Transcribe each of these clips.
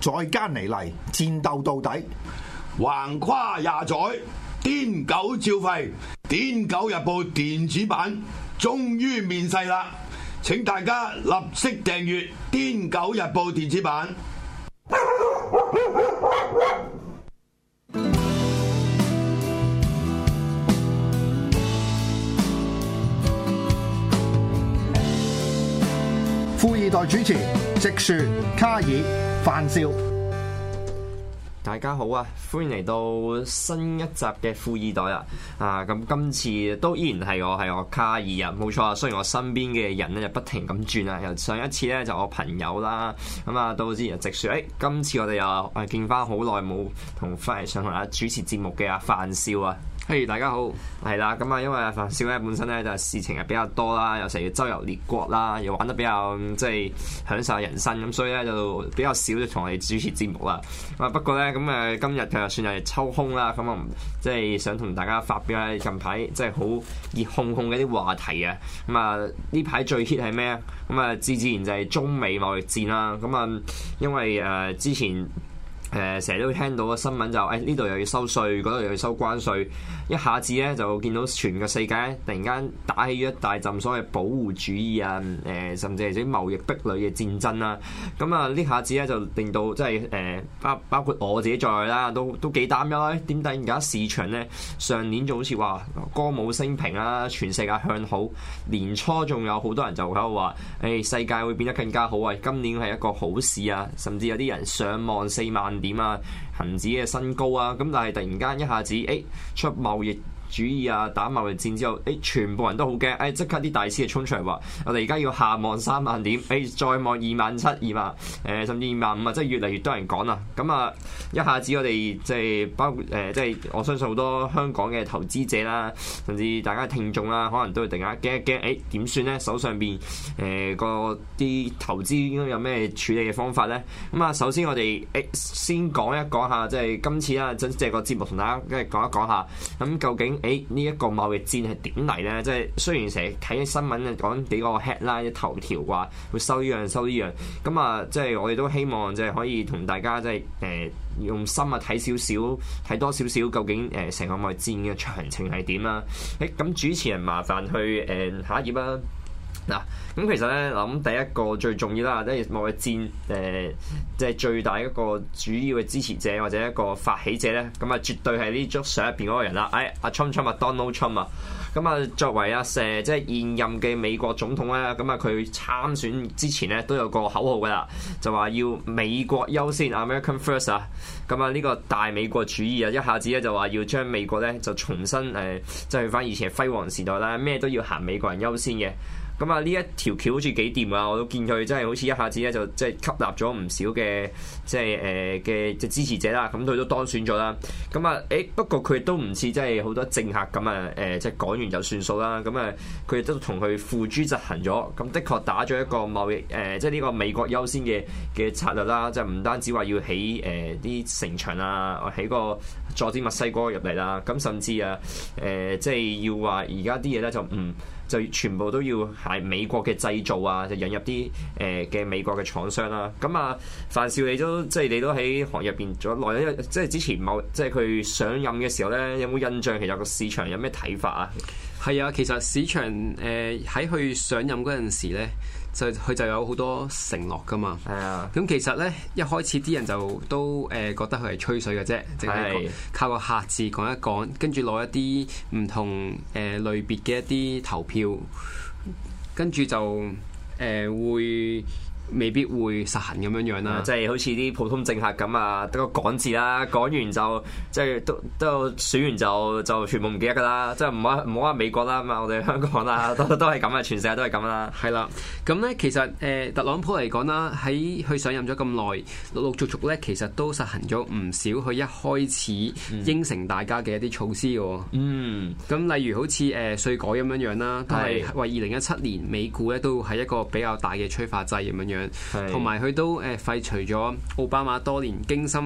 再加尼嚟，戰鬥到底。橫跨廿載，癲狗照吠。癲狗日報電子版終於面世啦，請大家立即訂閱癲狗日報電子版。子版富易袋主持，直樹卡爾。范少，大家好啊！歡迎嚟到新一集嘅富易袋啊！啊，咁今次都依然係我係我卡爾啊，冇錯啊！雖然我身邊嘅人咧就不停咁轉啊，由上一次咧就我朋友啦，咁啊到之前直說，誒、哎，今次我哋又誒見翻好耐冇同翻嚟上台主持節目嘅阿范少啊！譬、hey，大家好，係啦，咁啊，因為范少咧本身咧就事情啊比較多啦，又成日周遊列國啦，又玩得比較即係享受人生咁，所以咧就比較少同我哋主持節目啦。啊不過咧咁誒今日就算係抽空啦，咁啊即係想同大家發表喺近排即係好熱烘烘嘅啲話題啊。咁啊呢排最 hit 係咩啊？咁啊自自然就係中美貿易戰啦。咁啊因為誒之前。誒成日都會聽到個新聞就誒呢度又要收稅，嗰度又要收關稅，一下子咧就見到全個世界突然間打起一大陣所謂保護主義啊！誒、呃、甚至係啲貿易壁壘嘅戰爭啦、啊。咁啊呢下子咧就令到即係誒包包括我自己在內啦，都都幾擔憂、啊。點解而家市場咧上年就好似話歌舞升平啊，全世界向好。年初仲有好多人就喺度話：誒、哎、世界會變得更加好啊！今年係一個好事啊！甚至有啲人上望四萬。點啊？恒指嘅新高啊！咁但係突然間一下子，誒、哎，出貿易。主意啊！打貿易戰之後，誒、哎，全部人都好驚，誒、哎，即刻啲大師就衝出嚟話：我哋而家要下望三萬點，誒、哎，再望二萬七、二萬，誒、呃，甚至二萬五啊！即係越嚟越多人講啦。咁啊，一下子我哋即係包括誒，即、呃、係、就是、我相信好多香港嘅投資者啦，甚至大家聽眾啦、啊，可能都會突然間驚一驚，誒、哎，點算咧？手上邊誒嗰啲投資應該有咩處理嘅方法咧？咁啊，首先我哋誒、哎、先講一講下，即、就、係、是、今次啊，即、就、借、是、個節目同大家一講一講下，咁究竟，誒呢一個貿易戰係點嚟咧？即係雖然成日睇新聞啊，講幾個 headline 頭條啩，會收依樣收依樣。咁啊，即係我哋都希望即係可以同大家即係誒用心啊睇少少，睇多少少究竟誒成、呃、個貿易戰嘅詳情係點啦？誒、欸、咁主持人麻煩去誒、呃、下一頁啦、啊。嗱，咁、啊嗯、其實咧諗、嗯、第一個最重要啦，即係冇嘅戰誒，即、呃、係、就是、最大一個主要嘅支持者或者一個發起者咧，咁、嗯、啊絕對係呢張相入邊嗰個人啦。誒、哎，阿 Trump Donald Trump 啊，咁啊、嗯嗯、作為阿、啊、蛇即係現任嘅美國總統咧，咁啊佢參選之前咧都有個口號㗎喇，就話要美國優先 （American First） 啊，咁啊呢個大美國主義啊，一下子咧就話要將美國咧就重新誒即係返以前輝煌時代啦，咩都要行美國人優先嘅。咁啊，呢一條橋好似幾掂啊！我都見佢真係好似一下子咧就即係吸納咗唔少嘅即係誒嘅即支持者啦。咁佢都當選咗啦。咁啊，誒不過佢都唔似即係好多政客咁啊誒，即係講完就算數啦。咁啊，佢亦都同佢付諸執行咗。咁的確打咗一個貿易誒，即係呢個美國優先嘅嘅策略啦。即係唔單止話要起誒啲城牆啊，起個阻止墨西哥入嚟啦。咁甚至啊誒，即係要話而家啲嘢咧就唔。就全部都要係美國嘅製造啊！就引入啲誒嘅美國嘅廠商啦、啊。咁啊，范少你都即係你都喺行入邊做咗耐，即係之前某，即係佢上任嘅時候咧，有冇印象？其實個市場有咩睇法啊？係啊，其實市場誒喺佢上任嗰陣時咧。就佢就有好多承諾噶嘛，咁 Yeah. 其實咧一開始啲人就都誒、呃、覺得佢係吹水嘅啫，凈係 Yeah. 靠個客字講一講，跟住攞一啲唔同誒類別嘅一啲投票，跟住就誒、呃、會，未必會實行咁樣樣啦，即係、嗯就是、好似啲普通政客咁啊，得個講字啦，講完就即係都都選完就就全部唔記得噶啦，即係唔好唔好話美國啦，咁啊我哋香港啦， 都都係咁啊，全世界都係咁啦。係啦了，咁咧其實誒、呃、特朗普嚟講啦，喺佢上任咗咁耐，陸陸續續咧其實都實行咗唔少佢一開始應承大家嘅一啲措施嘅。嗯，咁例如好似誒稅改咁樣樣啦，都係為二零一七年美股咧都係一個比較大嘅催化劑咁樣樣。同埋佢都誒廢除咗奧巴馬多年精心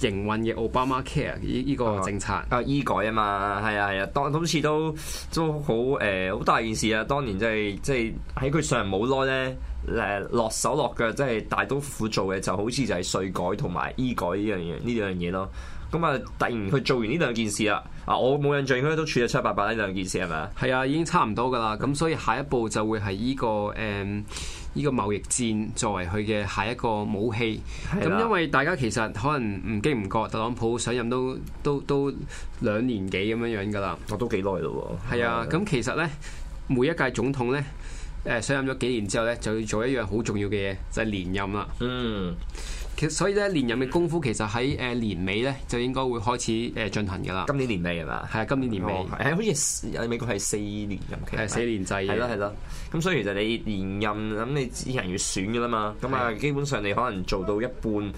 營運嘅奧巴馬 care 呢呢個政策，哦，啊醫改啊嘛，係啊係啊，當好似都都好誒好、呃、大件事啊！當年即係即係喺佢上任冇耐咧，誒落手落腳即係大刀闊斧做嘅，就好似就係稅改同埋醫改呢樣嘢呢樣嘢咯。咁啊，突然去做完呢兩件事啦！啊，我冇印象，佢都處理咗七七八八呢兩件事，係咪啊？係啊，已經差唔多噶啦。咁所以下一步就會係呢、呢個誒呢、嗯呢個貿易戰作為佢嘅下一個武器。咁、啊、因為大家其實可能唔經唔覺，特朗普上任都都都兩年幾咁樣樣噶啦。我都幾耐咯喎！係啊，咁、啊啊、其實咧每一屆總統咧誒上任咗幾年之後咧，就要做一樣好重要嘅嘢，就係、係、連任啦。嗯。所以咧，連任嘅功夫其實喺誒、呃、年尾咧，就應該會開始誒、呃、進行㗎啦。今年年尾係嘛？係啊，今年年尾係、哦呃、好似誒美國係四年任期，係、呃、四年制嘅。係咯係咯，咁所以其實你連任咁，你自然要選㗎啦嘛。咁啊，基本上你可能做到一半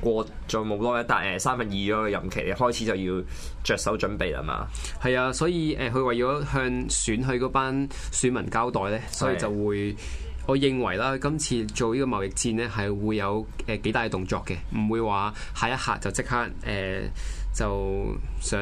過做冇多一打誒三分二咗嘅任期，你開始就要着手準備啦嘛。係啊，所以誒，佢為咗向選佢嗰班選民交代咧，所以就會。我認為啦，今次做呢個貿易戰呢，係會有誒、呃、幾大動作嘅，唔會話下一刻就即刻誒。呃就想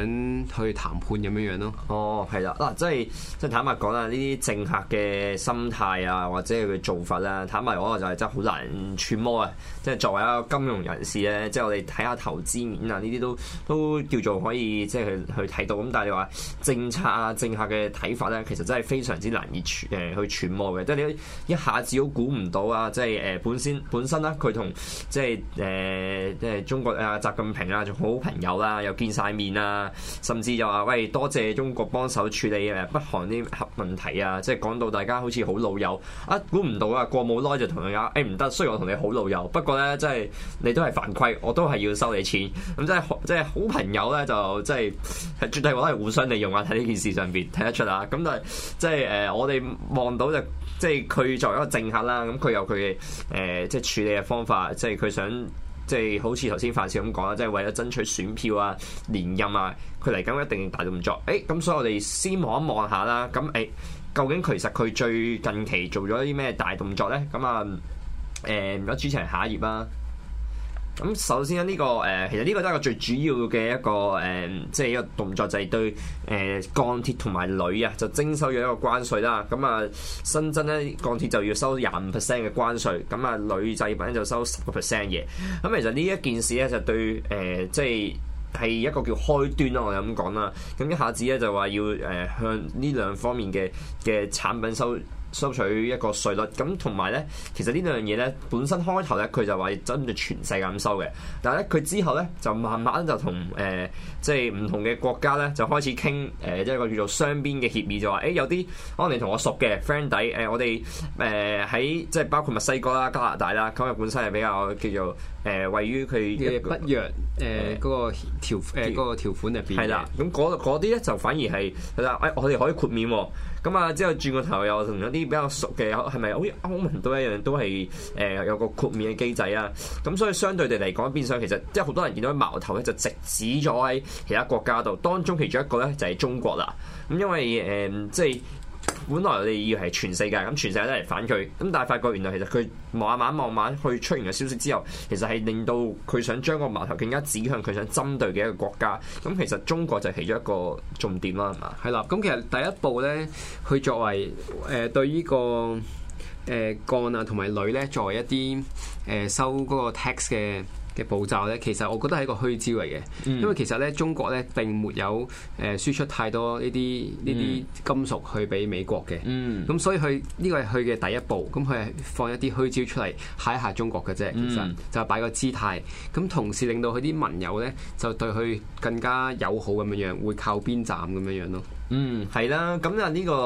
去談判咁樣樣咯。哦，係啦，嗱、啊，即係即係坦白講啊，呢啲政客嘅心態啊，或者佢做法啦、啊，坦白我可能就係、是、真係好難揣摩啊。即係作為一個金融人士咧，即係我哋睇下投資面啊，呢啲都都叫做可以即係去去睇到。咁但係你話政策啊、政客嘅睇法咧、啊，其實真係非常之難以揣、呃、去揣摩嘅，即係你一下子都估唔到啊！即係誒，本先本身啦，佢同即係誒即係中國啊，習近平啊，仲好朋友啦、啊。又見晒面啊，甚至又話：喂，多謝中國幫手處理誒北韓啲核問題啊！即係講到大家好似好老友，一估唔到啊，到過冇耐就同佢講：誒唔得，雖然我同你好老友，不過咧，即係你都係犯規，我都係要收你錢。咁、嗯、即係即係好朋友咧，就即係係絕對我都係互相利用啊！喺呢件事上邊睇得出啊！咁、嗯、但係即係誒、呃，我哋望到就即係佢作為一個政客啦，咁、嗯、佢有佢嘅誒即係處理嘅方法，即係佢想。即係好似頭先范 s 咁講啦，即係為咗爭取選票啊、連任啊，佢嚟緊一定大動作。誒、哎，咁所以我哋先望一望下啦。咁誒、哎，究竟其實佢最近期做咗啲咩大動作咧？咁啊，誒唔該主持人下頁啦、啊。咁首先呢、呢個誒、呃，其實呢個都係一個最主要嘅一個誒、呃，即係一個動作就，就係對誒鋼鐵同埋鋁啊，就徵收咗一個關稅啦。咁、嗯、啊，新增咧鋼鐵就要收廿五 percent 嘅關稅，咁、嗯、啊鋁製品就收十個 percent 嘅。咁、嗯、其實呢一件事咧、呃，就對誒，即係係一個叫開端啦，我哋咁講啦。咁一下子咧就話要誒向呢兩方面嘅嘅產品收。收取一個稅率，咁同埋咧，其實呢兩樣嘢咧，本身開頭咧，佢就話要針對全世界咁收嘅，但係咧，佢之後咧就慢慢就、呃就是、同誒，即係唔同嘅國家咧，就開始傾誒，即係一個叫做雙邊嘅協議，就話誒、欸、有啲可能你同我熟嘅 friend 底，誒、呃、我哋誒喺即係包括墨西哥啦、加拿大啦，咁、呃、日本身係比較叫做誒位於佢嘅北約誒嗰個條誒嗰、呃呃、條款入邊。係啦，咁嗰啲咧就反而係佢話誒，我哋可以豁免喎。咁啊，之後轉個頭又同一啲比較熟嘅，係咪好似歐盟都一樣，都係誒、呃、有個豁免嘅機制啊？咁所以相對地嚟講，變相其實即係好多人見到矛頭咧，就直指咗喺其他國家度，當中其中一個咧就係中國啦。咁因為誒、呃、即係。本來你以為係全世界咁，全世界都嚟反佢，咁但係發覺原來其實佢慢慢慢慢去出現嘅消息之後，其實係令到佢想將個矛頭更加指向佢想針對嘅一個國家。咁其實中國就起咗一個重點啦，係嘛？係啦，咁其實第一步咧，佢作為誒、呃、對於、這個呃、呢個誒鋼啊同埋鋁咧，作為一啲誒、呃、收嗰個 tax 嘅。嘅步驟咧，其實我覺得係一個虛招嚟嘅，嗯、因為其實咧中國咧並沒有誒輸出太多呢啲呢啲金屬去俾美國嘅。咁、嗯、所以佢呢個係佢嘅第一步，咁佢係放一啲虛招出嚟嚇一下中國嘅啫，其實就擺個姿態。咁、嗯、同時令到佢啲盟友咧就對佢更加友好咁樣樣，會靠邊站咁樣樣咯。嗯，係啦。咁啊，呢個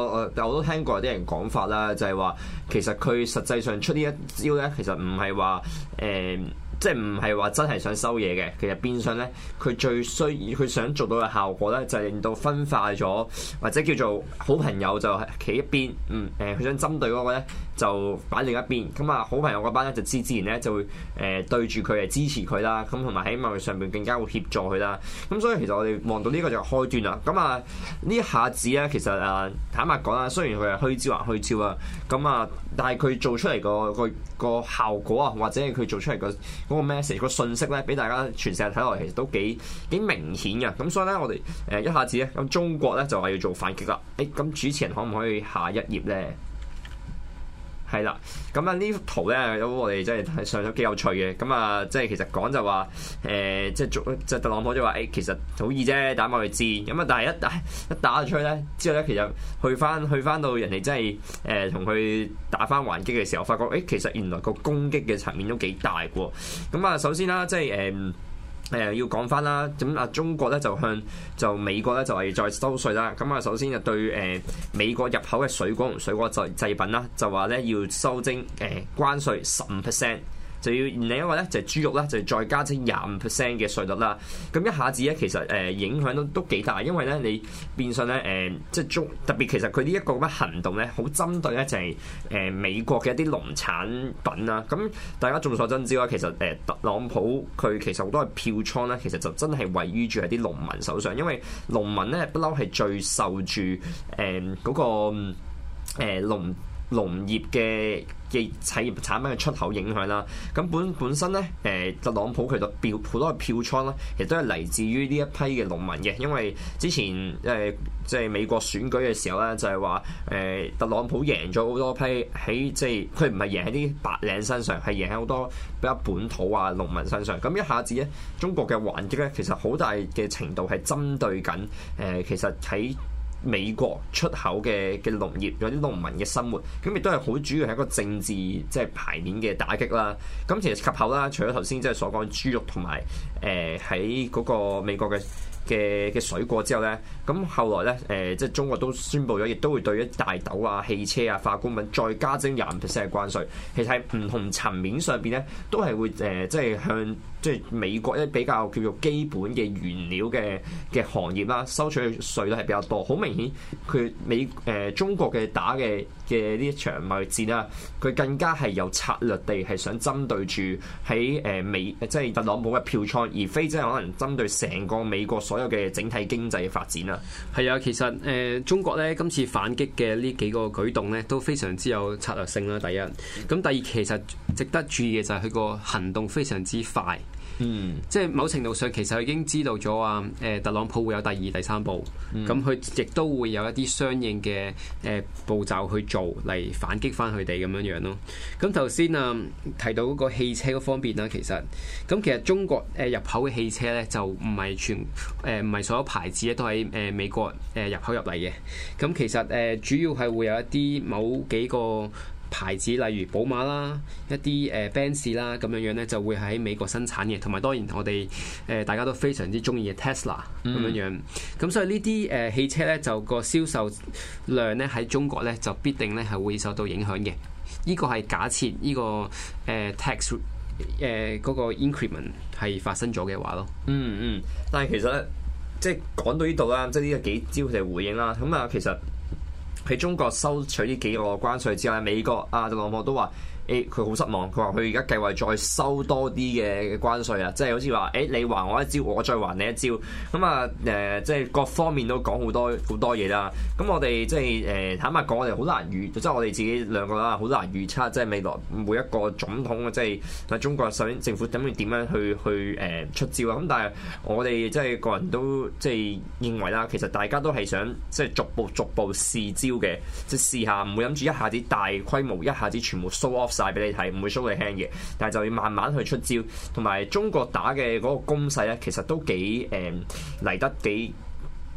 我都聽過有啲人講法啦，就係、是、話其實佢實際上出呢一招咧，其實唔係話誒。嗯即係唔係話真係想收嘢嘅，其實變相咧，佢最需要佢想做到嘅效果咧，就係、是、令到分化咗，或者叫做好朋友就企一邊，嗯，誒、呃，佢想針對嗰個咧，就擺另一邊。咁、嗯、啊，好朋友嗰班咧就自自然咧就會誒、呃、對住佢係支持佢啦，咁同埋喺貿易上面更加會協助佢啦。咁、嗯、所以其實我哋望到呢個就係開端啦。咁、嗯、啊，一呢一下子咧，其實誒、啊，坦白講啦，雖然佢係虛招，虛招、嗯、啊，虛招啊，咁啊。但係佢做出嚟個個個效果啊，或者係佢做出嚟個嗰個 message 個信息咧，俾大家全世界睇落，其實都幾幾明顯嘅。咁所以咧，我哋誒一下子咧，咁中國咧就話要做反擊啦。誒、欸，咁主持人可唔可以下一頁咧？係啦，咁啊呢幅圖咧，都我哋真係睇上咗幾有趣嘅。咁、嗯、啊、呃，即係其實講就話，誒即係做即係特朗普就話，誒、欸、其實好易啫，打埋去戰。咁、嗯、啊，但係一打一打咗出去咧，之後咧其實去翻去翻到人哋真係誒同佢打翻還擊嘅時候，我發覺誒、欸、其實原來個攻擊嘅層面都幾大嘅。咁、嗯、啊、嗯，首先啦、啊，即係誒。嗯誒要講翻啦，咁啊中國咧就向就美國咧就係再收稅啦，咁啊首先就對誒美國入口嘅水果同水果製製品啦，就話咧要收徵誒關稅十五 percent。就要另一個咧，就係豬肉咧，就再加徵廿五 percent 嘅稅率啦。咁一下子咧，其實誒、呃、影響都都幾大，因為咧你變相咧誒、呃，即係捉特別，其實佢呢一個乜行動咧，好針對咧就係、是、誒、呃、美國嘅一啲農產品啦。咁、啊、大家眾所周知啦，其實誒、呃、特朗普佢其實好多係票倉啦，其實就真係位於住喺啲農民手上，因為農民咧不嬲係最受住誒嗰、呃那個誒、呃、農農業嘅。嘅企業產品嘅出口影響啦，咁本本身咧，誒，特朗普佢度票好多嘅票倉啦，其實都係嚟自於呢一批嘅農民嘅，因為之前誒即係美國選舉嘅時候咧，就係話誒特朗普贏咗好多批喺即係佢唔係贏喺啲白領身上，係贏喺好多比較本土啊農民身上，咁一下子咧，中國嘅還擊咧，其實好大嘅程度係針對緊誒、呃、其實喺。美國出口嘅嘅農業有啲農民嘅生活，咁亦都係好主要係一個政治即係牌面嘅打擊啦。咁其實及後啦，除咗頭先即係所講豬肉同埋誒喺嗰個美國嘅。嘅嘅水果之後咧，咁後來咧，誒、呃、即係中國都宣布咗，亦都會對一大豆啊、汽車啊、化工品再加徵廿五 percent 嘅關稅。其實喺唔同層面上邊咧，都係會誒、呃、即係向即係美國一比較叫做基本嘅原料嘅嘅行業啦，收取嘅稅率係比較多。好明顯佢美誒、呃、中國嘅打嘅嘅呢一場貿易戰啦，佢更加係有策略地係想針對住喺誒美即係特朗普嘅票倉，而非即係可能針對成個美國所。嘅整體經濟嘅發展啦，係啊，其實誒、呃、中國咧今次反擊嘅呢幾個舉動咧都非常之有策略性啦。第一，咁第二其實值得注意嘅就係佢個行動非常之快。嗯，即係某程度上其實佢已經知道咗啊，誒、呃、特朗普會有第二、第三步，咁佢亦都會有一啲相應嘅誒、呃、步驟去做嚟反擊翻佢哋咁樣樣咯。咁頭先啊提到嗰個汽車嗰方面啦，其實咁其實中國誒、呃、入口嘅汽車咧就唔係全誒唔係所有牌子咧都喺誒、呃、美國誒、呃、入口入嚟嘅。咁其實誒、呃、主要係會有一啲某幾個。牌子例如寶馬啦、一啲誒、呃、Benz 啦咁樣樣咧，就會喺美國生產嘅。同埋當然我哋誒、呃、大家都非常之中意嘅 Tesla 咁樣樣。咁、嗯、所以呢啲誒汽車咧就個銷售量咧喺中國咧就必定咧係會受到影響嘅。呢個係假設呢、呢個誒、呃、tax 誒、呃、嗰、嗰個 increment 係發生咗嘅話咯、嗯。嗯嗯，但係其實即係講到呢度啦，即係呢個幾招嘅回應啦。咁啊，其實。喺中國收取呢幾個關稅之後，美國阿特朗普都話。誒佢好失望，佢話佢而家計劃再收多啲嘅關稅啊，即係好似話誒你還我一招，我再還你一招。咁啊誒，即係各方面都講好多好多嘢啦。咁、嗯、我哋即係誒、呃、坦白講，我哋好難預，即、就、係、是、我哋自己兩個啦，好難預測即係未來每一個總統啊，即係喺中國首先政府打算點樣去去誒、呃、出招啊。咁、嗯、但係我哋即係個人都即係認為啦，其實大家都係想即係逐步逐步試招嘅，即係試下唔會諗住一下子大規模，一下子全部 show off。曬俾你睇，唔會 show 你輕嘅，但係就要慢慢去出招，同埋中國打嘅嗰個攻勢咧，其實都幾誒嚟、嗯、得幾。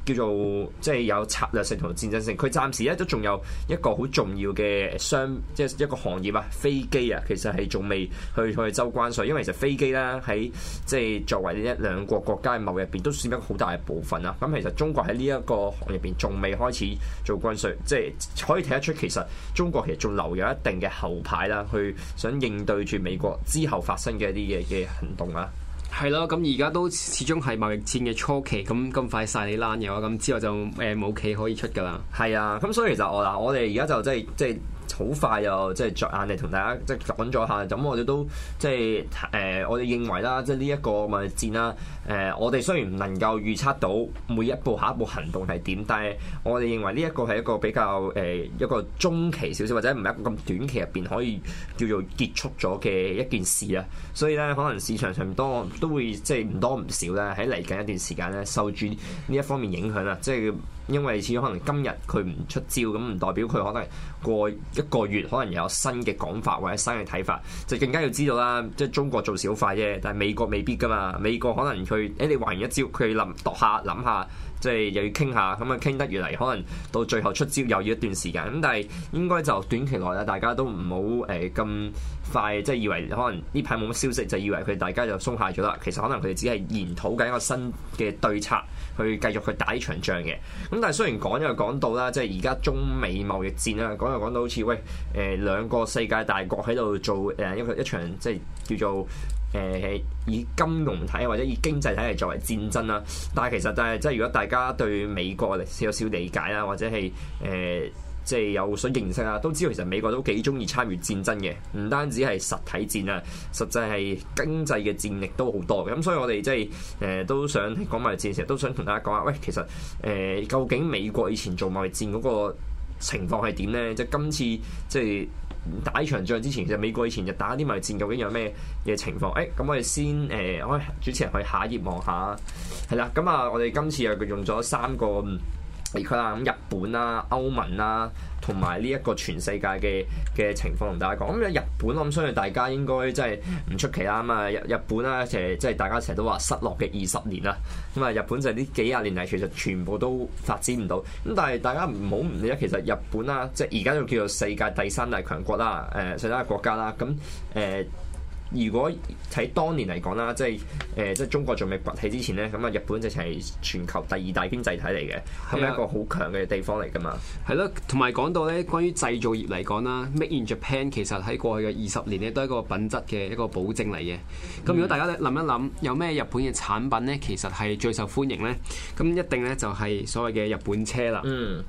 叫做即係有策略性同戰爭性，佢暫時咧都仲有一個好重要嘅商，即係一個行業啊，飛機啊，其實係仲未去去收關稅，因為其實飛機咧喺即係作為一兩個國家嘅貿易入邊都算一個好大嘅部分啦。咁，嗯，其實中國喺呢一個行業入邊仲未開始做關稅，即係可以睇得出其實中國其實仲留有一定嘅後排啦，去想應對住美國之後發生嘅一啲嘅嘅行動啦。係咯，咁而家都始終係貿易戰嘅初期，咁咁快晒你攔嘅話，咁之後就誒冇企可以出㗎啦。係啊，咁所以其實我嗱，我哋而家就即即。好快又即係着眼嚟同大家即係講咗下，咁我哋都即係誒、呃，我哋認為啦，即係呢一個咪戰啦。誒、呃，我哋雖然唔能夠預測到每一步、下一步行動係點，但係我哋認為呢一個係一個比較誒、呃、一個中期少少，或者唔係一個咁短期入邊可以叫做結束咗嘅一件事啦。所以咧，可能市場上邊多都會即係唔多唔少咧，喺嚟緊一段時間咧受住呢一方面影響啊，即係。因為始終可能今日佢唔出招，咁唔代表佢可能過一個月可能有新嘅講法或者新嘅睇法，就更加要知道啦。即係中國做事好快啫，但係美國未必㗎嘛。美國可能佢誒、欸、你還一招，佢諗度下諗下，即係、就是、又要傾下，咁啊傾得越嚟可能到最後出招又要一段時間。咁但係應該就短期內啦，大家都唔好誒咁快，即、就、係、是、以為可能呢排冇乜消息，就以為佢大家就鬆懈咗啦。其實可能佢哋只係研討緊一個新嘅對策。去繼續去打呢場仗嘅，咁但係雖然講又講到啦，即係而家中美貿易戰啦，講又講到好似喂，誒、呃、兩個世界大國喺度做誒一個一場即係叫做誒、呃、以金融體或者以經濟體嚟作為戰爭啦，但係其實就係即係如果大家對美國有少少理解啦，或者係誒。呃即係有所認識啊，都知道其實美國都幾中意參與戰爭嘅，唔單止係實體戰啊，實際係經濟嘅戰力都好多嘅。咁所以我哋即係誒都想講貿易戰時，都想同大家講下，喂，其實誒、呃、究竟美國以前做貿易戰嗰個情況係點咧？即係今次即係打依場仗之前，就美國以前就打啲貿易戰，究竟有咩嘅情況？誒、欸，咁我哋先誒，我、呃、主持人去下一頁望下，係啦。咁啊，我哋今次又用咗三個。地區啦，咁日本啦、歐盟啦，同埋呢一個全世界嘅嘅情況，同大家講。咁喺日本，我諗相信大家應該真係唔出奇啦。咁啊，日日本咧，成即係大家成日都話失落嘅二十年啦。咁啊，日本就呢幾廿年嚟，其實全部都發展唔到。咁但係大家唔好唔記得，其實日本啦，即係而家仲叫做世界第三大強國啦，誒、呃，第三個國家啦。咁、嗯、誒。呃如果喺當年嚟講啦，即係誒、呃、即係中國仲未崛起之前咧，咁啊日本就係全球第二大經濟體嚟嘅，咁係一個好強嘅地方嚟噶嘛。係咯，同埋講到咧關於製造業嚟講啦，Made in Japan 其實喺過去嘅二十年咧都係一個品質嘅一個保證嚟嘅。咁如果大家咧諗一諗，有咩日本嘅產品咧，其實係最受歡迎咧，咁一定咧就係所謂嘅日本車啦。嗯，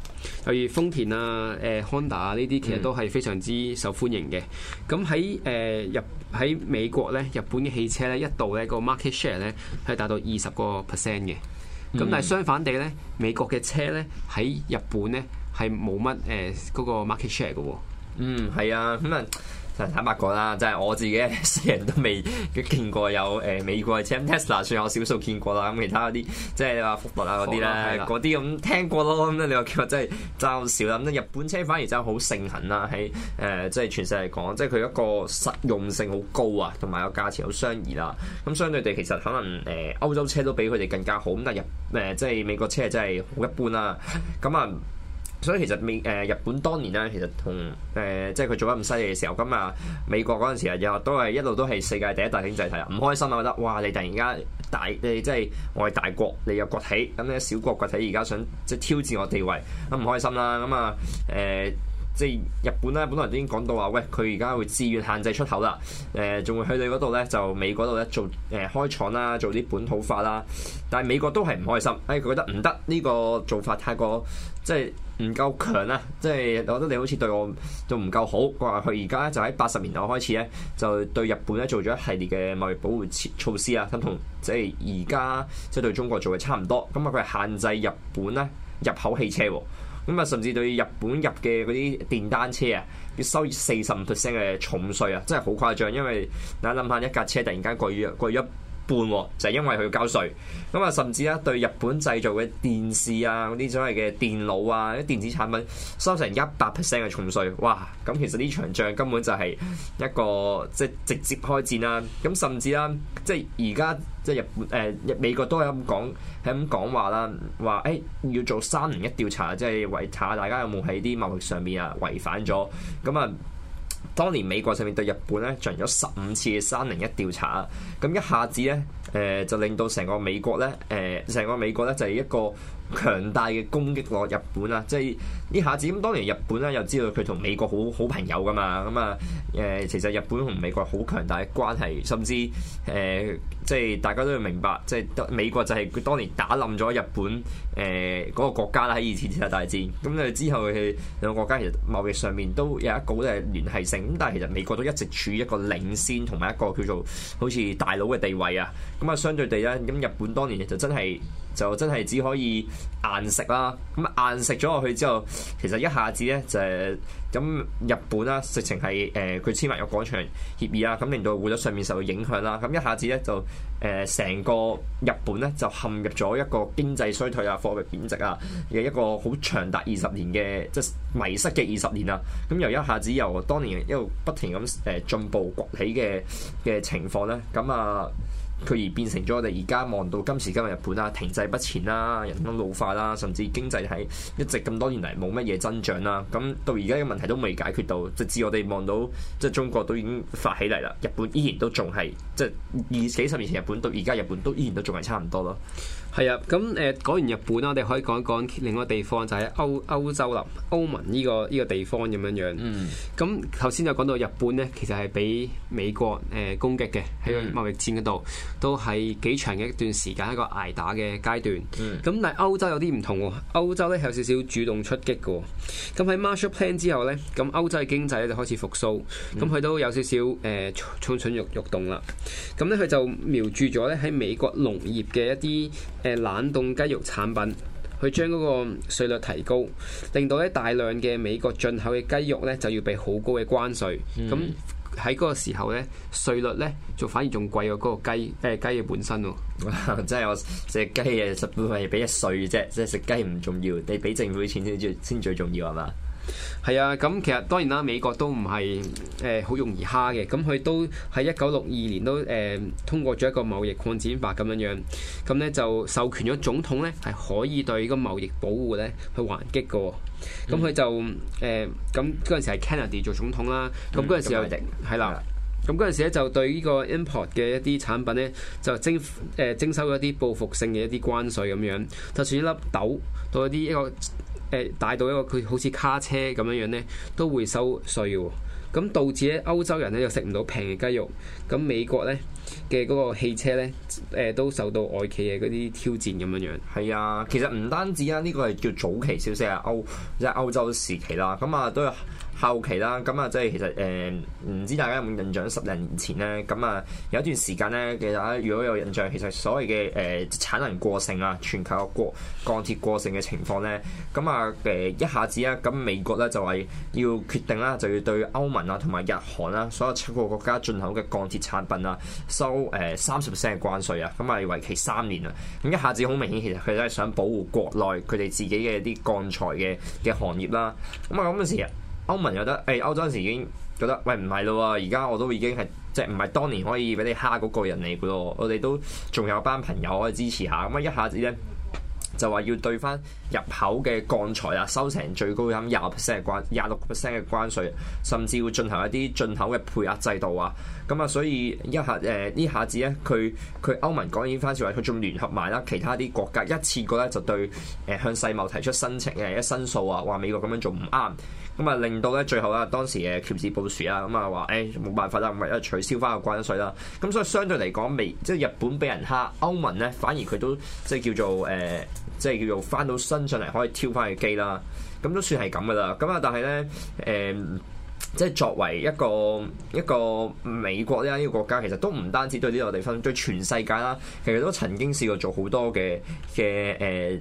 例如豐田啊、誒、呃、Honda 啊呢啲，其實都係非常之受歡迎嘅。咁喺誒日喺美國咧，日本嘅汽車咧，一度咧個 market share 咧係達到二十個 percent 嘅。咁但係相反地咧，美國嘅車咧喺日本咧係冇乜誒嗰個 market share 嘅喎、哦。嗯，係啊，咁啊。就坦白講啦，即、就、係、是、我自己私人 都未見過有誒、呃、美國嘅車 Tesla，算有少數見過啦。咁其他嗰啲即係話福特啊嗰啲啦，嗰啲咁聽過咯。咁 你話其實真係就少啦。咁日本車反而真、呃、就好盛行啦，喺誒即係全世界嚟講，即係佢一個實用性好高啊，同埋個價錢好相宜啦。咁相對地其實可能誒、呃、歐洲車都比佢哋更加好。咁但係日誒即係美國車真係好一般啦。咁啊～所以其實美誒、呃、日本當年咧，其實同誒、呃、即係佢做得咁犀利嘅時候，咁、嗯、啊美國嗰陣時啊，又都係一路都係世界第一大經濟體，唔開心啊覺得，哇！你突然間大你即、就、係、是、我係大國，你又崛起，咁、嗯、咧小國崛起而家想即係挑戰我地位，咁、嗯、唔開心啦，咁啊誒。嗯呃即係日本咧，本來都已經講到話，喂佢而家會自願限制出口啦。誒、呃，仲會去你嗰度咧，就美國度咧做誒、呃、開廠啦，做啲本土化啦。但係美國都係唔開心，誒、哎、佢覺得唔得呢個做法太過即係唔夠強啊！即係我覺得你好似對我都唔夠好。佢話佢而家就喺八十年代開始咧，就對日本咧做咗一系列嘅貿易保護措施啊，咁同即係而家即係對中國做嘅差唔多。咁、嗯、啊，佢係限制日本咧入口汽車喎。咁啊，甚至對日本入嘅嗰啲電單車啊，要收四十五 percent 嘅重稅啊，真係好誇張，因為你諗下一架車突然間貴咗。貴咗半就係因為佢要交稅，咁啊，甚至啦，對日本製造嘅電視啊，嗰啲所謂嘅電腦啊，啲電子產品收成一百 percent 嘅重稅，哇！咁其實呢場仗根本就係一個即係直接開戰啦、啊，咁甚至啦即係而家即係日本誒、呃、美國都係咁講係咁講話啦，話誒、欸、要做三年一調查，即係查大家有冇喺啲貿易上面啊違反咗，咁啊。當年美國上面對日本咧進行咗十五次嘅「三零一」調查，咁一下子咧誒、呃、就令到成個美國咧誒成個美國咧就係一個。強大嘅攻擊落日本啊！即係呢下子咁，當然日本咧又知道佢同美國好好朋友㗎嘛。咁啊，誒，其實日本同美國好強大嘅關係，甚至誒、嗯，即係大家都要明白，即係美國就係佢當年打冧咗日本誒嗰、嗯那個國家啦，喺二次世界大戰。咁、嗯、你之後去兩個國家其實貿易上面都有一個好嘅聯繫性。咁但係其實美國都一直處於一個領先同埋一個叫做好似大佬嘅地位啊。咁、嗯、啊，相對地咧，咁、嗯、日本當年就真係。就真係只可以硬食啦，咁硬食咗落去之後，其實一下子咧就係、是、咁日本啦、啊，直情係誒佢簽埋個廣場協議啊，咁、嗯、令到匯率上面受到影響啦，咁、嗯、一下子咧就誒成、呃、個日本咧就陷入咗一個經濟衰退啊、貨幣貶值啊嘅一個好長達二十年嘅即係迷失嘅二十年啦，咁、嗯、又一下子由當年一路不停咁誒進步崛起嘅嘅情況咧，咁、嗯、啊～佢而變成咗我哋而家望到今時今日日本啊，停滯不前啦，人口老化啦，甚至經濟喺一直咁多年嚟冇乜嘢增長啦。咁到而家嘅問題都未解決到，直至我哋望到即係中國都已經發起嚟啦，日本依然都仲係即係二幾十年前日本到而家日本都依然都仲係差唔多咯。係啊，咁誒、嗯、講完日本，啦，我哋可以講一講另外一個地方，就係、是、歐歐洲啦，歐盟呢、這個依、這個地方咁樣樣。咁頭先就講到日本咧，其實係俾美國誒、呃、攻擊嘅喺個貿易戰嗰度，嗯、都係幾長嘅一段時間一個捱打嘅階段。咁、嗯、但係歐洲有啲唔同喎、哦，歐洲咧係有少少主動出擊嘅、哦。咁喺 Marshall Plan 之後咧，咁歐洲嘅經濟咧就開始復甦，咁佢、嗯、都有少少誒蠢蠢欲欲動啦。咁咧佢就瞄住咗咧喺美國農業嘅一啲。誒、欸、冷凍雞肉產品，去將嗰個稅率提高，令到咧大量嘅美國進口嘅雞肉咧就要俾好高嘅關稅。咁喺嗰個時候咧，稅率咧就反而仲貴過嗰個雞誒、欸、雞嘢本身喎、哦。哇！即係我食雞嘅十萬，又俾一稅啫，即係食雞唔重要，你俾政府錢先最先最重要係嘛？係啊，咁其實當然啦，美國都唔係誒好容易蝦嘅，咁佢都喺一九六二年都誒、呃、通過咗一個貿易擴展法咁樣樣，咁咧就授權咗總統咧係可以對呢個貿易保護咧去還擊嘅，咁佢就誒咁嗰陣時係 Kennedy 做總統啦，咁嗰陣時又係、嗯嗯、啦，咁嗰陣時咧就對呢個 import 嘅一啲產品咧就徵誒、呃、徵收咗一啲報復性嘅一啲關稅咁樣，就算一粒豆到一啲一個。誒帶到一個佢好似卡車咁樣樣咧，都會收稅喎，咁導致咧歐洲人咧又食唔到平嘅雞肉，咁美國咧嘅嗰個汽車咧誒都受到外企嘅嗰啲挑戰咁樣樣。係啊，其實唔單止啊，呢、這個係叫早期消息啊，歐即係、就是、歐洲時期啦、啊，咁啊都。有、啊。後期啦，咁、嗯、啊，即係其實誒，唔知大家有冇印象？十零年前咧，咁、嗯、啊有一段時間咧，其實啊，如果有印象，其實所謂嘅誒、呃、產能過剩啊，全球嘅過鋼鐵過剩嘅情況咧，咁啊誒一下子啊，咁、嗯、美國咧就係、是、要決定啦，就要對歐盟啊同埋日韓啊，所有七個國、國家進口嘅鋼鐵產品啊，收誒三十 percent 嘅關稅啊，咁、嗯、係為期三年啊。咁、嗯、一下子好明顯，其實佢都係想保護國內佢哋自己嘅啲鋼材嘅嘅行業啦。咁、嗯、啊，咁、嗯、嘅時歐盟又得，誒歐洲嗰時已經覺得，喂唔係咯喎，而家我都已經係即係唔係當年可以畀你蝦嗰個人嚟㗎咯，我哋都仲有班朋友可以支持下，咁啊一下子咧。就話要對翻入口嘅鋼材啊，收成最高咁廿 percent 嘅關，廿六 percent 嘅關稅，甚至會進行一啲進口嘅配額制度啊。咁啊，所以一下誒、呃、呢下子咧，佢佢歐盟講已經開始話佢仲聯合埋啦，其他啲國家一次過咧就對誒、呃、向世貿提出申請嘅一申訴啊，話美國咁樣做唔啱。咁、嗯、啊，令到咧最後咧當時嘅喬治布殊啊，咁啊話誒冇辦法啦，咁啊取消翻個關稅啦。咁所以相對嚟講，未即係日本俾人蝦，歐盟咧反而佢都即係叫做誒、呃。呃即係叫做翻到身上嚟可以挑翻佢機啦，咁都算係咁噶啦。咁啊，但係咧，誒、呃，即係作為一個一個美國呢個國家，其實都唔單止對呢個地方，對全世界啦，其實都曾經試過做好多嘅嘅誒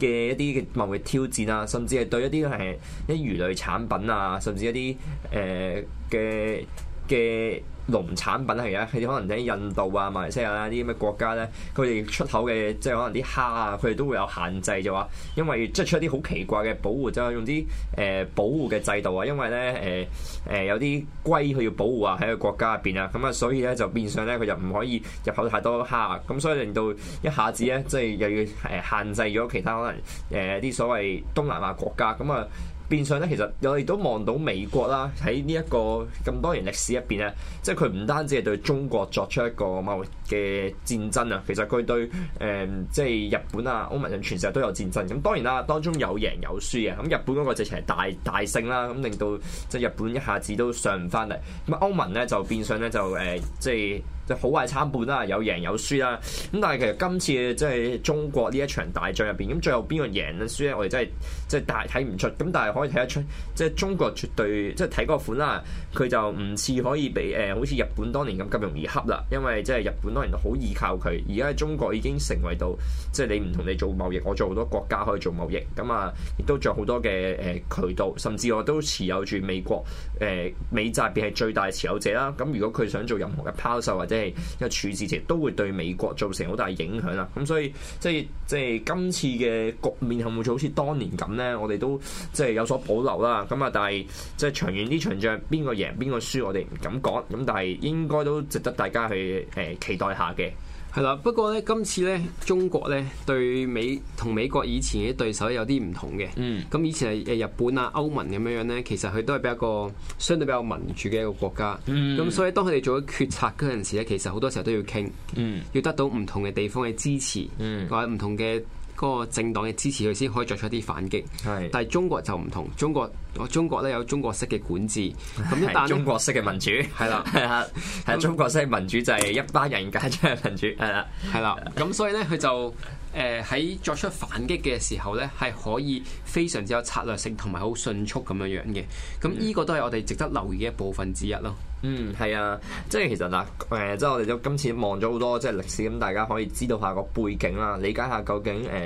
嘅一啲嘅貿易挑戰啊，甚至係對一啲係一啲魚類產品啊，甚至一啲誒嘅嘅。呃農產品係啊，佢可能喺印度啊、馬來西亞啊、啲咩國家咧，佢哋出口嘅即係可能啲蝦啊，佢哋都會有限制就話，因為即係出啲好奇怪嘅保護，即、就、係、是、用啲誒、呃、保護嘅制度啊，因為咧誒誒有啲龜佢要保護啊喺個國家入邊啊，咁、嗯、啊所以咧就變相咧佢就唔可以入口太多蝦啊，咁、嗯、所以令到一下子咧即係又要誒限制咗其他可能誒啲、呃、所謂東南亞國家咁啊。嗯嗯。變相咧，其實我哋都望到美國啦，喺呢一個咁多年歷史入邊咧，即係佢唔單止係對中國作出一個貿嘅戰爭啊，其實佢對誒、呃、即係日本啊、歐盟人全世界都有戰爭。咁當然啦，當中有贏有輸嘅。咁日本嗰個直情係大大勝啦，咁令到即係日本一下子都上唔翻嚟。咁歐盟咧就變相咧就誒、呃、即係。就好壞參半啦，有贏有輸啦。咁但係其實今次即係中國呢一場大仗入邊，咁最後邊個贏咧、輸咧？我哋真係即係睇唔出。咁但係可以睇得出，即係中國絕對即係睇嗰個款啦。佢就唔似可以俾誒，好似日本當年咁咁容易恰啦。因為即係日本當然好依靠佢，而家喺中國已經成為到即係你唔同你做貿易，我做好多國家可以做貿易。咁啊，亦都著好多嘅誒渠道，甚至我都持有住美國。誒美債便係最大持有者啦，咁如果佢想做任何嘅拋售或者係一個處置，其實都會對美國造成好大影響啊！咁所以即係即係今次嘅局面會唔會好似當年咁呢？我哋都即係、就是、有所保留啦。咁啊，但係即係長遠啲場仗邊個贏邊個輸，我哋唔敢講。咁但係應該都值得大家去誒、呃、期待下嘅。係啦，不過咧，今次咧，中國咧對美同美國以前嘅啲對手有啲唔同嘅。嗯。咁以前係誒日本啊、歐盟咁樣樣咧，其實佢都係比較一個相對比較民主嘅一個國家。嗯。咁所以當佢哋做咗決策嗰陣時咧，其實好多時候都要傾。嗯。要得到唔同嘅地方嘅支持。嗯。或者唔同嘅。個政黨嘅支持，佢先可以作出一啲反擊，係，但係中國就唔同，中國我中國咧有中國式嘅管治，咁但係中國式嘅民主係啦，係啊，係中國式嘅民主就係一班人階出嘅民主，係啦，係啦，咁所以咧佢就誒喺、呃、作出反擊嘅時候咧係可以非常之有策略性同埋好迅速咁樣樣嘅，咁呢個都係我哋值得留意嘅一部分之一咯。嗯，係啊，即係其實嗱，誒、呃，即係我哋都今次望咗好多即係歷史，咁大家可以知道下個背景啦，理解下究竟誒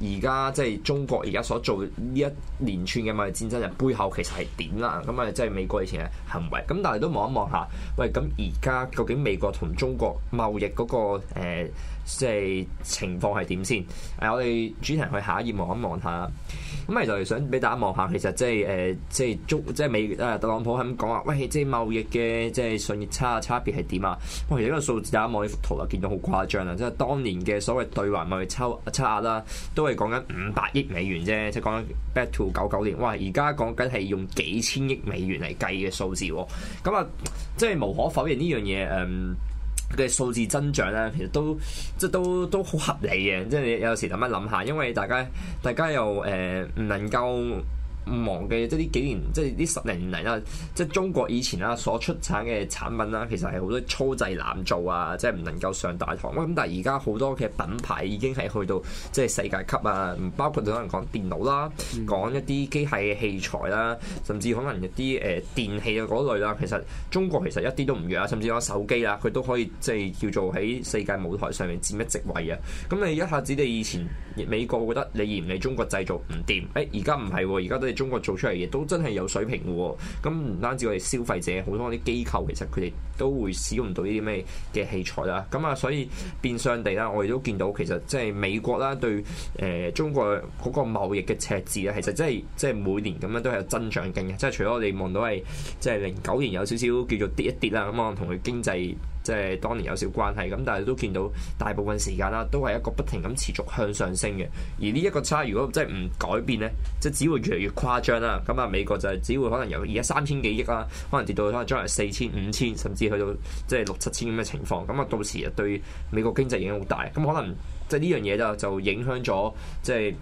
而家即係中國而家所做呢一連串嘅貿易戰爭，就背後其實係點啦？咁、嗯、啊，即係美國以前嘅行為，咁但係都望一望下，喂，咁而家究竟美國同中國貿易嗰，那個誒？呃即係情況係點先？誒、啊，我哋主題去下一頁望一望下。咁咪就係想俾大家望下，其實即係誒、呃，即係中，即係美誒、啊，特朗普係咁講話。喂，即係貿易嘅即係順差差別係點啊？喂，而家個數字大家望呢幅圖啊，見到好誇張啊！即係當年嘅所謂對華貿易差額啦，都係講緊五百億美元啫，即係講 back to 九九年。哇，而家講緊係用幾千億美元嚟計嘅數字喎。咁啊，即係無可否認呢樣嘢誒。嗯嘅數字增長咧，其實都即係都都好合理嘅，即係你有時諗一諗下，因為大家大家又誒唔能夠。唔忘記即係呢幾年，即係呢十零年啦。即係中國以前啦，所出產嘅產品啦，其實係好多粗製濫造啊，即係唔能夠上大堂。咁但係而家好多嘅品牌已經係去到即係世界級啊，包括可能講電腦啦，講一啲機械器，器材啦，甚至可能一啲誒、呃、電器嘅嗰類啦。其實中國其實一啲都唔弱啊，甚至講手機啦，佢都可以即係叫做喺世界舞台上面佔一席位啊。咁你一下子你以前美國覺得你嫌你中國製造唔掂，誒而家唔係喎，而家都。中國做出嚟嘢都真係有水平嘅。哦，咁唔單止我哋消費者，好多啲機構其實佢哋都會使用到呢啲咩嘅器材啦。咁啊，所以變相地啦，我哋都見到其實即係美國啦對誒中國嗰個貿易嘅赤字咧，其實即係即係每年咁樣都係有增長勁嘅。即係除咗我哋望到係即係零九年有少少叫做跌一跌啦，咁我同佢經濟。即係當年有少關係咁，但係都見到大部分時間啦，都係一個不停咁持續向上升嘅。而呢一個差，如果即係唔改變呢，即係只會越嚟越誇張啦。咁啊，美國就係只會可能由而家三千幾億啦，可能跌到可能將來四千、五千，甚至去到即係六七千咁嘅情況。咁啊，到時啊對美國經濟影響好大。咁可能即係呢樣嘢就就影響咗即係。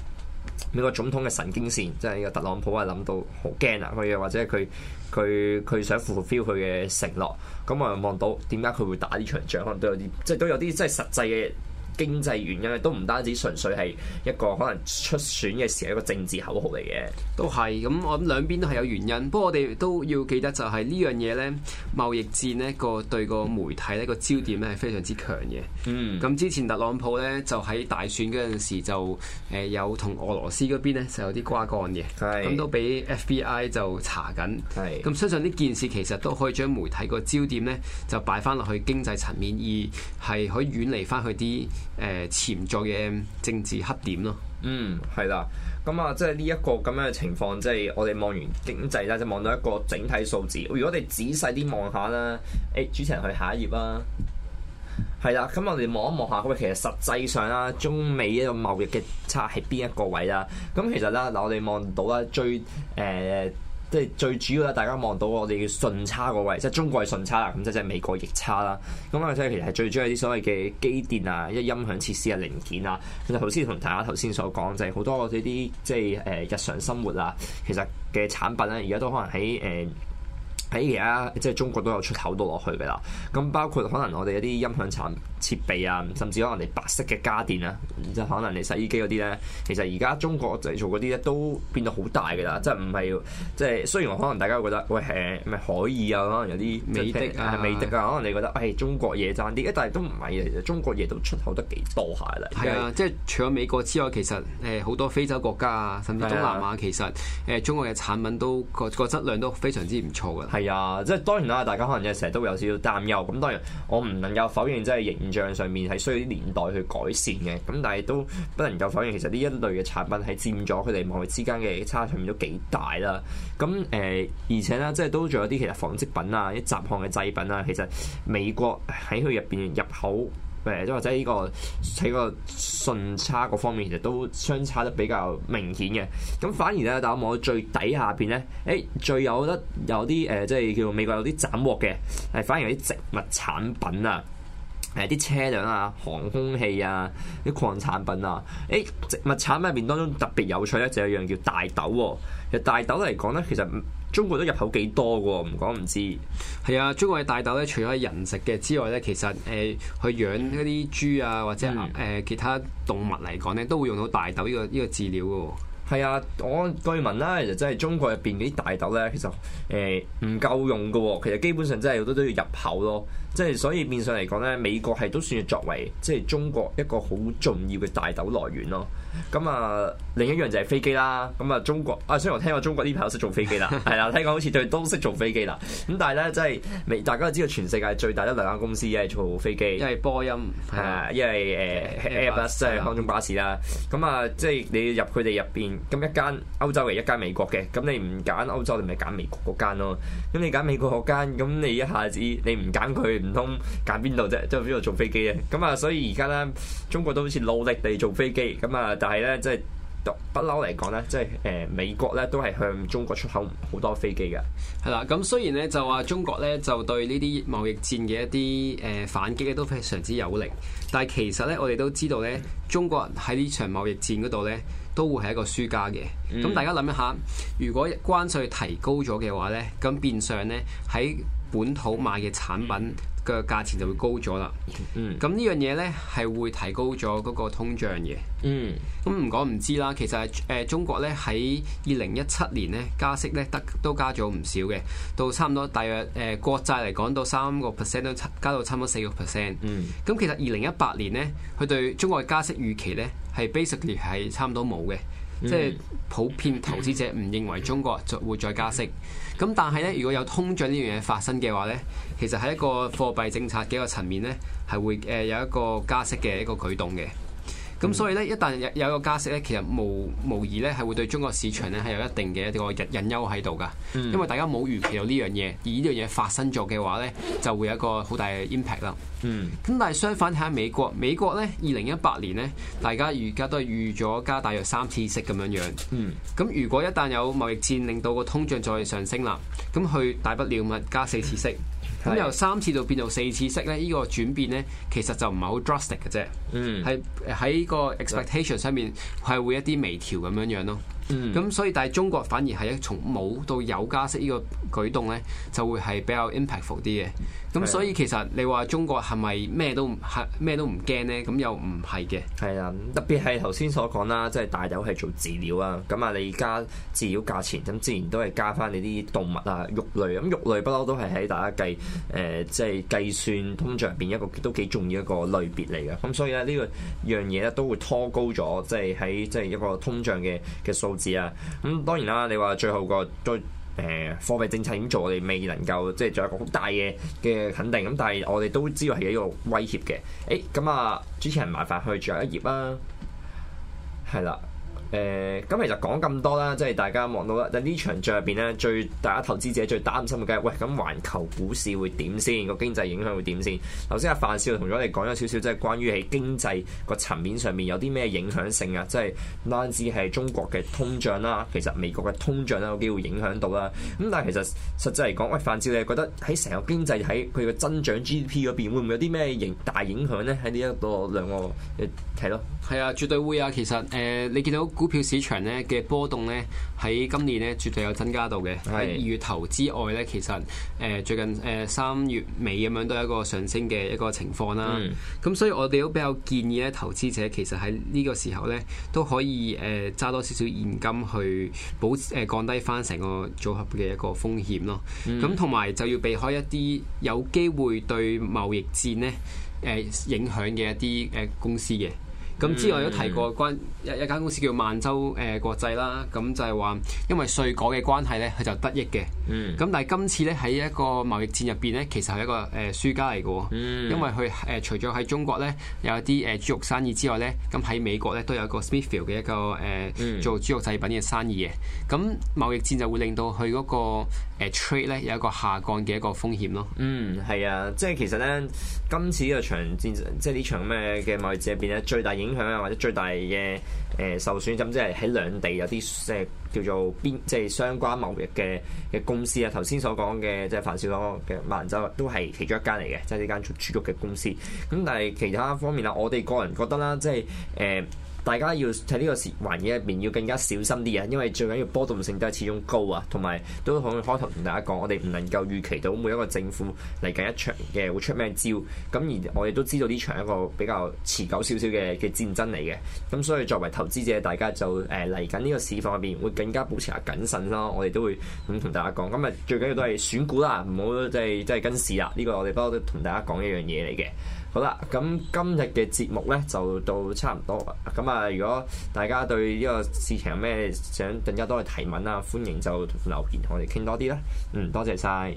美國總統嘅神經線，即係個特朗普啊，諗到好驚啊！佢又或者佢佢佢想 fulfill 佢嘅承諾，咁我又望到點解佢會打呢場仗，可能都有啲即係都有啲即係實際嘅。經濟原因咧，都唔單止純粹係一個可能出選嘅時候，一個政治口號嚟嘅。都係，咁我諗兩邊都係有原因。不過我哋都要記得，就係呢樣嘢咧，貿易戰咧，個對個媒體呢個焦點咧係非常之強嘅。嗯。咁之前特朗普呢就喺大選嗰陣時就誒有同俄羅斯嗰邊咧就有啲瓜幹嘅，咁是 都俾 FBI 就查緊。係。咁相信呢件事其實都可以將媒體個焦點呢就擺翻落去經濟層面，而係可以遠離翻去啲。誒潛在嘅政治黑點咯，嗯，係啦，咁啊，即係呢一個咁樣嘅情況，即係我哋望完經濟啦，就望到一個整體數字。如果我哋仔細啲望下啦，誒、欸，主持人去下一頁啦，係啦，咁我哋望一望下，喂，其實實際上啦，中美一個貿易嘅差係邊一個位啦？咁其實啦，嗱，我哋望到啦，最、呃、誒。即係最主要啦，大家望到我哋嘅順差嗰位，即係中國係順差啦，咁即係美國逆差啦。咁啊，即係其實最主要啲所謂嘅機電啊、一音響設施啊、零件啊，咁就頭先同大家頭先所講，就係好多呢啲即係誒日常生活啊，其實嘅產品咧，而家都可能喺誒。呃喺其他即係中國都有出口到落去嘅啦。咁包括可能我哋一啲音響產設備啊，甚至可能你白色嘅家電啊，即係可能你洗衣機嗰啲咧，其實而家中國製造嗰啲咧都變得好大嘅啦。即係唔係即係雖然我可能大家會覺得喂係咪海爾啊，可能有啲、啊、美的啊，美的啊，可能你覺得誒、哎、中國嘢爭啲，但係都唔係其實中國嘢都出口得幾多下、啊、嘅。係啊，即係除咗美國之外，其實誒好、呃、多非洲國家啊，甚至東南亞是、啊、其實誒、呃、中國嘅產品都個個質量都非常之唔錯嘅。啊，即係當然啦，大家可能就成日都會有少少擔憂。咁當然我唔能夠否認，即係形象上面係需要啲年代去改善嘅。咁但係都不能夠否認，其實呢一類嘅產品係佔咗佢哋兩位之間嘅差別都幾大啦。咁誒、呃，而且呢，即係都仲有啲其實紡織品啊、啲雜項嘅製品啊，其實美國喺佢入邊入口。誒，即或者呢、呢個喺個順差嗰方面，其實都相差得比較明顯嘅。咁反而咧，大家望到最底下邊咧，誒、欸，最有得有啲誒、呃，即係叫美國有啲斬獲嘅，係反而有啲植物產品啊。誒啲、呃、車輛啊、航空器啊、啲礦產品啊，誒植物產品入面當中特別有趣咧，就有一樣叫大豆喎、哦。其實大豆嚟講咧，其實中國都入口幾多嘅、哦，唔講唔知。係啊，中國嘅大豆咧，除咗係人食嘅之外咧，其實誒去、呃、養一啲豬啊，或者誒、呃、其他動物嚟講咧，都會用到大豆呢、這個呢、這個飼料嘅。係啊，我據聞啦，其實真係中國入邊啲大豆咧，其實誒唔、欸、夠用嘅喎、哦，其實基本上真係好多都要入口咯，即係所以變相嚟講咧，美國係都算作為即係中國一個好重要嘅大豆來源咯。咁啊、嗯，另一樣就係飛機啦。咁、嗯、啊，中國啊，雖然我聽講中國啲朋友識做飛機啦，係啦， 聽講好似對都識做飛機啦。咁但係咧，即係未，大家都知道全世界最大一兩間公司係做飛機，一係波音，係啊，一係 Airbus 即係空中巴士啦。咁啊 yeah.，即係你入佢哋入邊，咁一間歐洲嘅一間美國嘅，咁你唔揀歐洲，你咪揀美國嗰間咯。咁你揀美國嗰間，咁你一下子你唔揀佢，唔通揀邊度啫？即係邊度做飛機啊？咁、嗯、啊、嗯，所以而家咧，中國都好似努力地做飛機，咁、嗯、啊。嗯但係咧，即係不嬲嚟講咧，即係誒美國咧都係向中國出口好多飛機嘅。係啦，咁雖然咧就話中國咧就對呢啲貿易戰嘅一啲誒、呃、反擊咧都非常之有力，但係其實咧我哋都知道咧，中國喺呢場貿易戰嗰度咧都會係一個輸家嘅。咁大家諗一下，如果關稅提高咗嘅話咧，咁變相咧喺本土買嘅產品。嗯嘅價錢就會高咗啦，咁呢、嗯、樣嘢呢，係會提高咗嗰個通脹嘅，咁唔講唔知啦。其實誒、呃、中國呢，喺二零一七年呢，加息呢得都加咗唔少嘅，到差唔多大約誒、呃、國際嚟講到三個 percent 都加到差唔多四個 percent。咁、嗯、其實二零一八年呢，佢對中國嘅加息預期呢，係 basically 係差唔多冇嘅。即係普遍投資者唔認為中國會再加息，咁但係咧，如果有通脹呢樣嘢發生嘅話咧，其實喺一個貨幣政策嘅一個層面咧，係會誒有一個加息嘅一個舉動嘅。咁所以咧，一旦有有個加息咧，其實無無疑咧係會對中國市場咧係有一定嘅一個隱隱憂喺度噶，嗯、因為大家冇預期有呢樣嘢，而呢樣嘢發生咗嘅話咧，就會有一個好大嘅 impact 啦。嗯，咁但係相反睇下美國，美國咧二零一八年咧，大家而家都係預咗加大約三次息咁樣樣。嗯，咁如果一旦有貿易戰令到個通脹再上升啦，咁佢大不了咪加四次息。咁、嗯嗯、由三次度變到四次息咧，這個、轉呢個轉變咧其實就唔係好 drastic 嘅啫，係喺、嗯、個 expectation 上面係會一啲微調咁樣樣咯。嗯，咁所以但係中國反而係一從冇到有加息呢個舉動咧，就會係比較 impactful 啲嘅。咁所以其實你話中國係咪咩都係咩都唔驚咧？咁又唔係嘅。係啊，特別係頭先所講啦，即係大豆係做飼料啊。咁啊，你而家飼料價錢咁自然都係加翻你啲動物啊肉類，咁，嗯、肉類不嬲都係喺大家計誒即係計算通脹入邊一個都幾重要一個類別嚟嘅。咁所以咧呢個樣嘢咧都會拖高咗，即係喺即係一個通脹嘅嘅數。啊，咁當然啦。你話最後個對誒貨幣政策點做，我哋未能夠即係做一個好大嘅嘅肯定。咁但係我哋都知道係一個威脅嘅。誒、欸、咁啊，主持人麻煩去最後一頁啦，係啦。誒，咁、嗯、其實講咁多啦，即係大家望到啦。咁呢場仗入邊咧，最大家投資者最擔心嘅，係喂咁，環球股市會點先？個經濟影響會點先？頭先阿范少同咗你講咗少少，即、就、係、是、關於係經濟個層面上面有啲咩影響性啊？即係唔單止係中國嘅通脹啦，其實美國嘅通脹都有機會影響到啦。咁但係其實實際嚟講，喂范少，你係覺得喺成個經濟喺佢嘅增長 GDP 嗰邊會唔會有啲咩大影響咧？喺呢一個兩個？係咯，係啊，絕對會啊！其實誒、呃，你見到股票市場咧嘅波動咧，喺今年咧絕對有增加到嘅。喺二是的 月頭之外咧，其實誒、呃、最近誒三、呃、月尾咁樣都係一個上升嘅一個情況啦。咁、嗯、所以我哋都比較建議咧，投資者其實喺呢個時候咧都可以誒揸、呃、多少少現金去保誒降低翻成個組合嘅一個風險咯。咁同埋就要避開一啲有機會對貿易戰咧誒、呃、影響嘅一啲誒公司嘅。咁、嗯、之外我都提過關，一一間公司叫萬洲誒、呃、國際啦，咁就係話因為稅改嘅關係咧，佢就得益嘅。嗯，咁但係今次咧喺一個貿易戰入邊咧，其實係一個誒輸、呃、家嚟嘅。嗯、因為佢誒、呃、除咗喺中國咧有啲誒豬肉生意之外咧，咁喺美國咧都有一個 Smithfield 嘅一個誒、呃、做豬肉製品嘅生意嘅。咁貿、嗯、易戰就會令到佢嗰、嗰個誒、呃、trade 咧有一個下降嘅一個風險咯。嗯，係啊，即係其實咧今次呢場戰，即係呢場咩嘅貿易戰入邊咧，最大影。影響啊，或者最大嘅誒、呃、受損，咁即係喺兩地有啲即係叫做邊即係相關貿易嘅嘅公司啊。頭先所講嘅即係范少朗嘅萬洲都係其中一間嚟嘅，即係呢間做豬肉嘅公司。咁但係其他方面啦，我哋個人覺得啦，即係誒。呃大家要喺呢個環境入邊要更加小心啲啊，因為最緊要波動性都係始終高啊，同埋都可以開頭同大家講，我哋唔能夠預期到每一個政府嚟緊一場嘅會出咩招。咁而我哋都知道呢場一個比較持久少少嘅嘅戰爭嚟嘅。咁所以作為投資者，大家就誒嚟緊呢個市況入邊會更加保持下謹慎咯。我哋都會咁同大家講。咁啊最緊要都係選股啦，唔好即係即係跟市啦。呢個我哋不都同大家講一樣嘢嚟嘅。好啦，咁今日嘅節目呢就到差唔多啦。咁啊，如果大家對呢個事情有咩想更加多嘅提問啊，歡迎就留言我哋傾多啲啦。嗯，多謝晒。